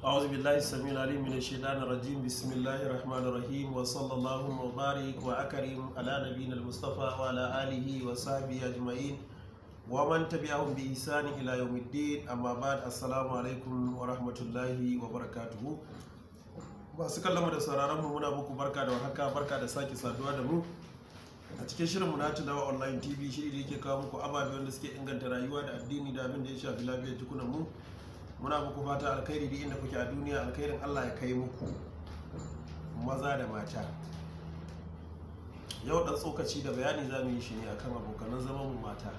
أعوذ بالله السميع العليم من الشيطان الرجيم بسم الله الرحمن الرحيم وصلى الله وبارك وأكرم على نبينا المصطفى وعلى آله وصحبه أجمعين ومن تبعهم بإحسان إلى يوم الدين أما بعد السلام عليكم ورحمة الله وبركاته masu kallon da sauraron muna muku barka da warhaka barka da sake saduwa da mu a cikin shirin shirinmu na tunawa online tv shiri da yake kawo muku ababen wanda suke inganta rayuwa da addini da abin da ya shafi lafiyar jikunan mu muna muku fata alkhairi da inda kuke a duniya alkhairin allah ya kai muku maza da mata yau dan tsokaci da bayani za mu yi shi ne a akan abokanan zaman mu mata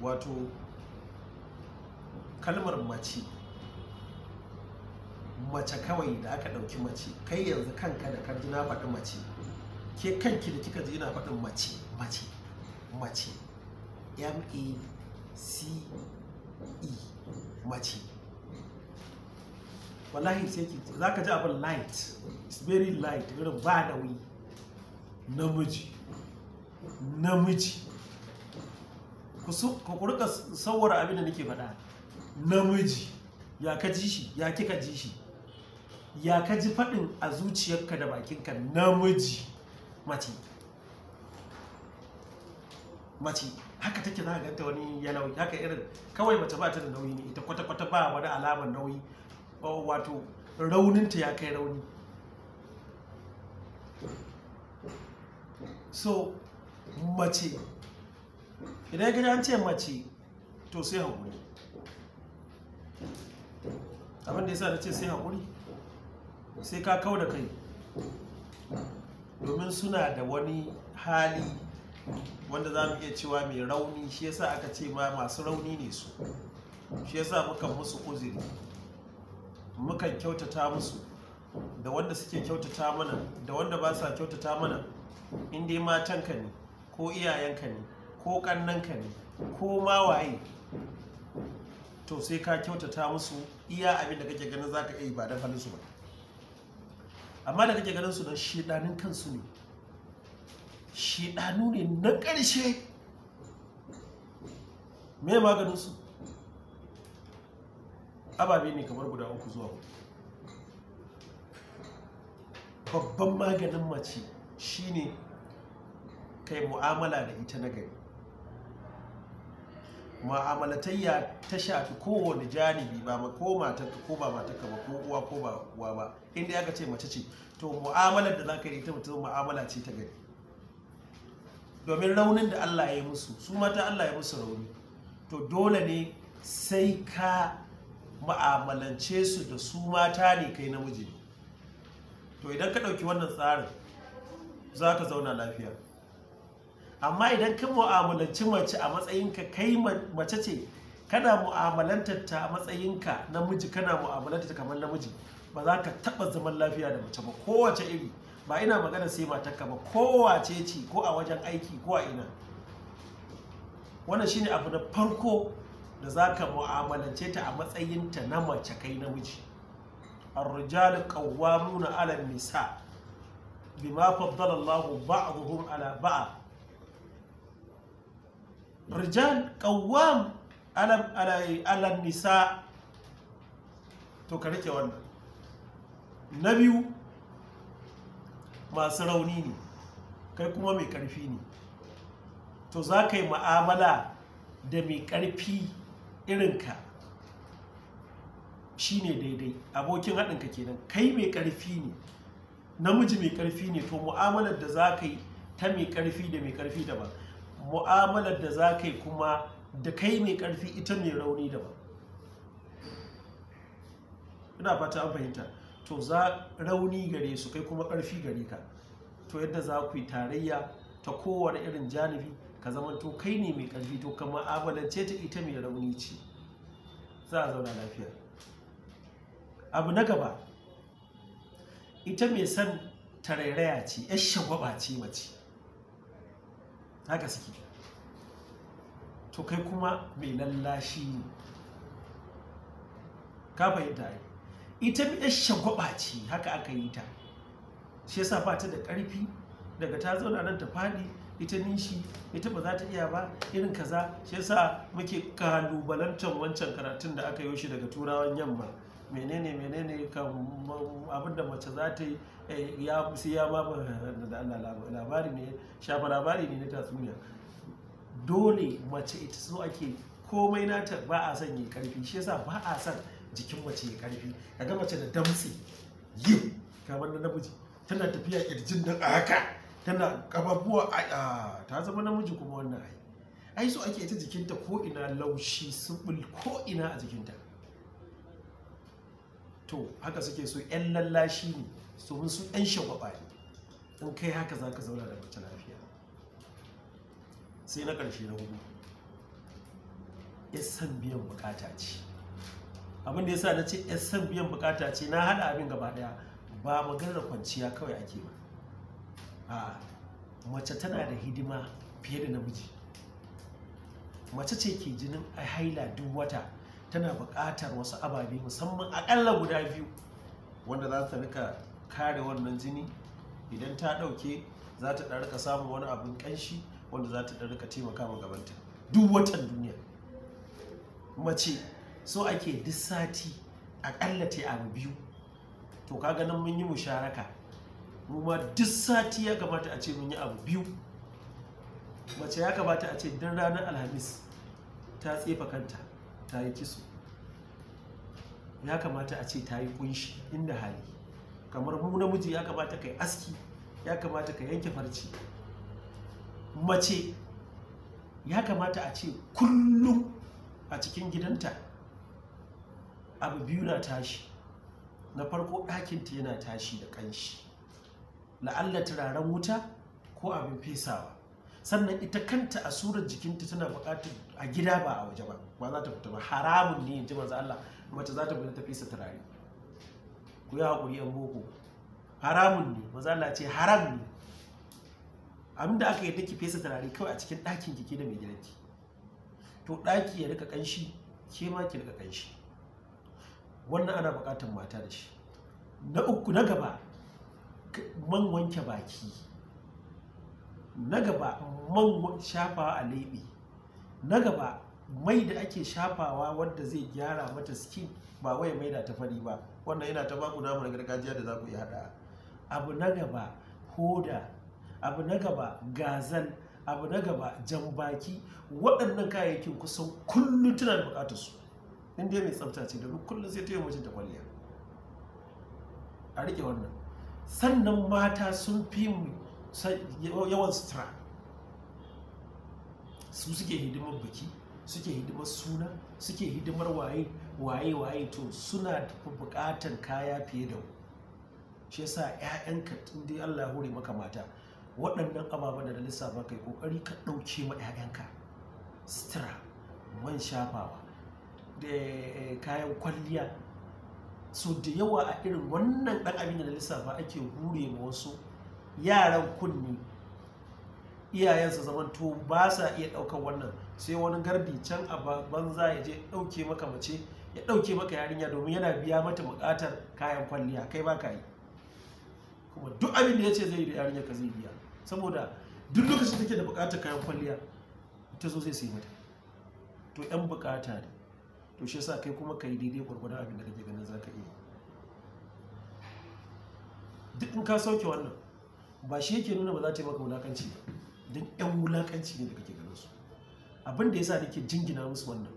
wato kalmar mace mace kawai da aka ɗauki mace kai yanzu kanka da karji na faɗi mace ke kanki da kika ji ina faɗin mace mace mace m a c e. i mace wallahi sai ki za ka ji abin light it's very light irin ba da wuyi namiji namiji ku rika sauwara abin da nake faɗa namiji ya ka ji shi ya kika ji shi ya ka ji faɗin a zuciyarka da bakinka namiji mace mace haka take za ka ganta wani ya nauyi haka irin kawai mace ba ta da nauyi ne ita kwata-kwata ba wani alamar nauyi wato rauninta ya kai rauni so mace idan ya an ce mace to sai haƙuri abinda ya sa da ce sai haƙuri sai ka kau da kai domin suna da wani hali wanda za mu iya cewa mai rauni shi yasa aka ce ma masu rauni ne su shi yasa muka musu uzuri muka kyautata musu da wanda suke kyautata mana da wanda ba sa kyautata mana in dai matanka ne ko iyayenka ne ko kannanka ne ko ma waye to sai ka kyautata musu iya abin da kake ganin zaka iya ba don halin su ba amma da kake ganin su don shedanin kansu ne Shiɗanu ne na ƙarshe me maganinsu ababe ne kamar guda uku zuwa hudu babban maganin mace shine kai mu'amala da ita na gari mu'amalatayya ta shafi kowane janibi ba ma ko mata ba mata ka ba ko uwa ko ba uwa ba inda ya ce mace ce to mu'amalar da za ka yi ta mutum mu'amala ce ta gari domin raunin da Allah ya yi musu su mata Allah ya musu rauni to dole ne sai ka ma'amalance su da su mata ne kai namiji to idan ka ɗauki wannan tsarin za ka zauna lafiya amma idan ka mu'amalanci mace a matsayinka kai mace ce kana mu'amalantar ta a matsayinka namiji kana mu'amalantar ta kamar namiji ba za ka taɓa zaman lafiya da mace ba kowace iri ba ina magana sai matakka ba kowace ce ko a wajen aiki ko a ina wannan shine abu na farko da za ka mu'amalance ta a matsayinta na mace kai namiji الرجال qawwamuna ala النساء nisa, فضل الله بعضهم على بعض رجال قوام على ala ala nisa, to ka rike wannan na biyu masu rauni ne kai kuma mai ƙarfi ne to za ka yi ma'amala da mai ƙarfi irinka shi ne daidai abokin haɗinka kenan kai mai ƙarfi ne namiji mai ƙarfi ne to mu'amalar da za ka yi ta mai ƙarfi da mai ƙarfi daban mu'amalar da za ka yi kuma da kai mai ƙarfi ita mai rauni daban ina fata an fahimta to za rauni gare su kai kuma ƙarfi gare ka to yadda za ku yi tarayya ta kowane irin janibi ka zama to kai ne mai ƙarfi to kama abalance ta ita mai rauni ce za a zauna lafiya abu na gaba ita mai son tarairaya ce yar shagwaba ce mace haka suke to kai kuma mai lallashi ne ka fahimta ai ita yar shagwaba ce haka aka yi ta shi yasa ba ta da ƙarfi daga ta zauna nan ta faɗi ita nishi ita ba za ta iya ba irin kaza shi yasa muke kalubalantar wancan karatun da aka yi shi daga turawan yamma menene menene ka abin da mace za ta yi eh, ya sai ya ba labari ne shafa labari ne na tatsuniya dole mace ita so ake komai nata ba a son yi karfi shi yasa ba a son jikin mace ya karfi kaga mace da damtse yi kamar na namiji tana tafiya kirjin nan a haka tana kababuwa a ta zama namiji kuma wannan ai ai so ake ita jikinta ko ina laushi subul ko ina a jikinta to haka suke so yan lallashi ne su su yan shagwaba ne in kai haka za ka zauna da mace lafiya sai na karshe na hudu ya san biyan bukata ce abin da yasa na ce yan san biyan bukata ce na hada abin gaba daya ba maganar kwanciya kawai ake ba a mace tana da hidima fiye da namiji mace ce ke jinin a haila duk wata tana bukatar wasu ababe musamman akalla guda biyu wanda za ta rika kare wannan jini idan ta ɗauke za ta ɗan rika samun wani abin ƙanshi wanda za ta ɗan rika taimaka ma gabanta duk watan duniya mace so ake duk sati a abu biyu to kaga nan mun yi musharaka mu ma duk sati ya kamata a ce mun yi abu biyu mace ya kamata a ce dan ranar alhamis ta tsefa kanta ta yi kiso ya kamata a ce ta yi kunshi inda hali kamar mu namiji ya kamata ka yi aski ya kamata ka yanke farci mace ya kamata a ce kullum a cikin gidanta abu biyu na tashi na farko ɗakinta yana tashi da ƙanshi la'alla turaren wuta ko abin fesawa sannan ita kanta a surar jikinta tana buƙatar a gida ba a waje ba ba za ta fita ba haramun ne ji manzo Allah mace za ta fita ta fesa turare ku yi haƙuri yan boko haramun ne manzo Allah ce haram ne abin da aka yarda ki fesa turare kawai a cikin ɗakin ki da mai gidanki to ɗaki ya rika ƙanshi ke ma ki rika ƙanshi wannan ana buƙatar mata da shi na uku na gaba man wanke baki na gaba man shafawa a leɓe na gaba mai da ake shafawa wanda zai gyara mata skin ba wai mai da ta fari ba wannan yana ta baku namun gargajiya da za ku yi hada abu na gaba hoda abu na gaba gazal abu na gaba jan baki waɗannan kayayyakin kusan kullum tana bukatar su in dai mai tsafta ce da kullum sai ta yi mijinta kwalliya a rike wannan sannan mata sun fi yawan sutura su suke hidimar biki suke hidimar suna suke hidimar waye waye waye to suna tafi bukatan kaya fiye da shi yasa ƴaƴanka tun dai Allah ya hore maka mata waɗannan ababen da na lissafa kai kokari ka ɗauke ma 'ya'yanka. sutura man shafawa Eh, kayan kwalliya so da yawa a irin wannan dan abin da na lissafa ake hure ma wasu yaran kunni iyayensa zaman to ba sa iya ɗaukar wannan sai wani garbi can a banza ya je ɗauke maka mace ya ɗauke maka yarinya domin yana biya mata buƙatar kayan kwalliya kai ba ka yi kuma duk abin da ya ce zai da yarinya ka zai biya saboda duk lokacin da take da buƙatar kayan kwalliya ta zo zai sai mata to 'yan buƙata ne to shi sa kai kuma ka yi daidai gwargwadon abin da kake ganin za ka iya duk in ka sauke wannan ba shi yake nuna ba za ta yi maka wulakanci ba don yan wulakanci ne da kake ganin su abin da ya sa nake jingina musu wannan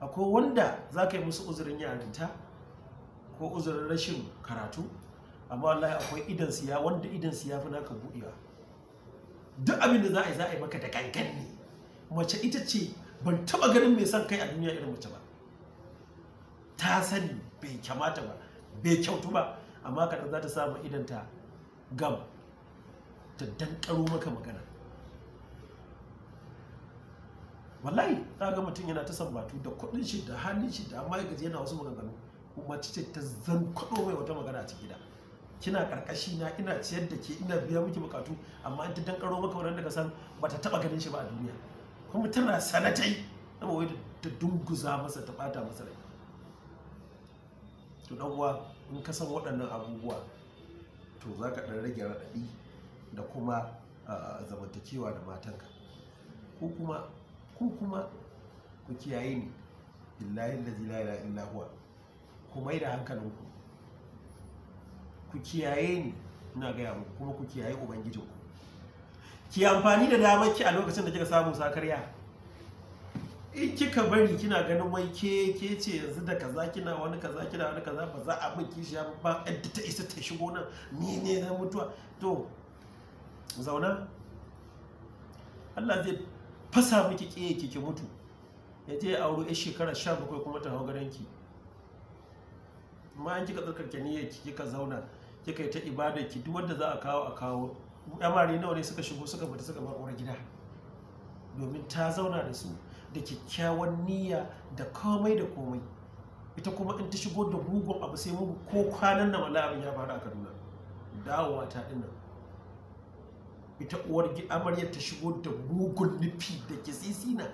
akwai wanda za ka yi musu uzurin yarinta ko uzurin rashin karatu amma ya akwai idan ya wanda idan ya fi naka buɗewa duk abin da za a yi za a yi maka da kankan ne mace ita ce ban taba ganin mai son kai a duniya irin mace ba ta sani bai kamata ba bai kyautu ba amma kaɗan za ta samu idanta gam ta danƙaro maka magana wallahi ta ga mutum yana ta sambatu da kuɗin shi da hannun shi da amma gaji yana wasu maganganu kuma cice ta zan kwaɗo mai wata magana a cikin kina karkashi na ina ciyar da ke ina biya miki bukatu amma in ta danƙaro maka wannan daga san ba ta taba ganin shi ba a duniya kuma tana sanatai saboda ta dunguza masa ta bata masa rai to uwa in ka san waɗannan abubuwa to za ka ɗan rage raɗaɗi da kuma ah, zamantakewa da matanka ko kuma ko kuma ku kiyaye ni billahi allazi la ilaha illa huwa ku mai da hankalinku ku kiyaye ni ina gaya muku kuma ku kiyaye ubangijinku ki amfani da damar ki a lokacin da kika samu sakarya in kika bari kina ganin wai ke ke ce yanzu da kaza kina wani kaza kina wani kaza ba za a bin kishiya ba ba ta isa ta shigo nan ni ne na mutuwa to zauna Allah zai fasa miki ke ke ki mutu ya je auro ya shekara 17 kuma ta hau garanki. amma an kika tsarkake niyyar ki kika zauna kika yi ta ibada ki duk wanda za a kawo a kawo amare nawa ne suka shigo suka fita suka bar gida domin ta zauna da su da kyakkyawan niyya da komai da komai ita kuma in ta shigo da gugun abu sai mugu ko kwanan na malamin ya faru a kaduna dawowa ta dinnan ita uwar amaryar ta shigo da mugun nufi da kisisina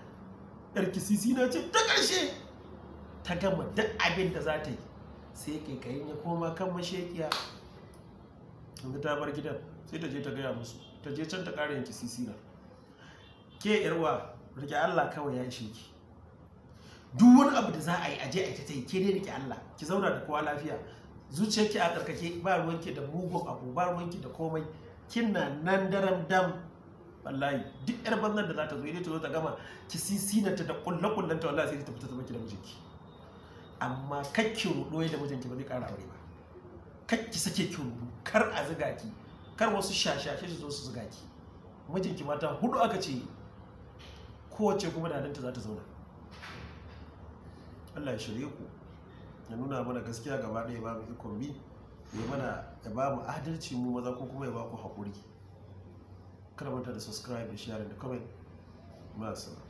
yar kisisina ce ta karshe. ta gama duk abin da za ta yi sai kai ya koma kan mashekiya In ta bar gidan sai ta je ta gaya musu ta je can ta ƙara yanki sisina ke yarwa rike Allah kawai ya ishe ki duk wani abu da za a yi aje a ta yi ke dai rike Allah ki zauna da kowa lafiya zuciyarki a karkake ba ruwanki da mugun abu ba ruwanki da komai kina nan daram dam wallahi duk yar bannan da za ta zo idan ta zo ta gama ki ta da kullakullan ta wallahi sai ta fita ta miki da mijinki amma kakki rudo da mijinki ba zai kara aure ba kakki sake ki rudo kar a zuga ki kar wasu shashashe su zo su zuga ki mijinki mata hudu aka ce kowace kuma da halinta za ta zauna allah ya shirye ku ya nuna mana gaskiya gaba ɗaya ba mu ikon bi ya mana ya ba mu adalci mu maza ko kuma ya ba ku haƙuri kada manta da subscribe da share da comment masu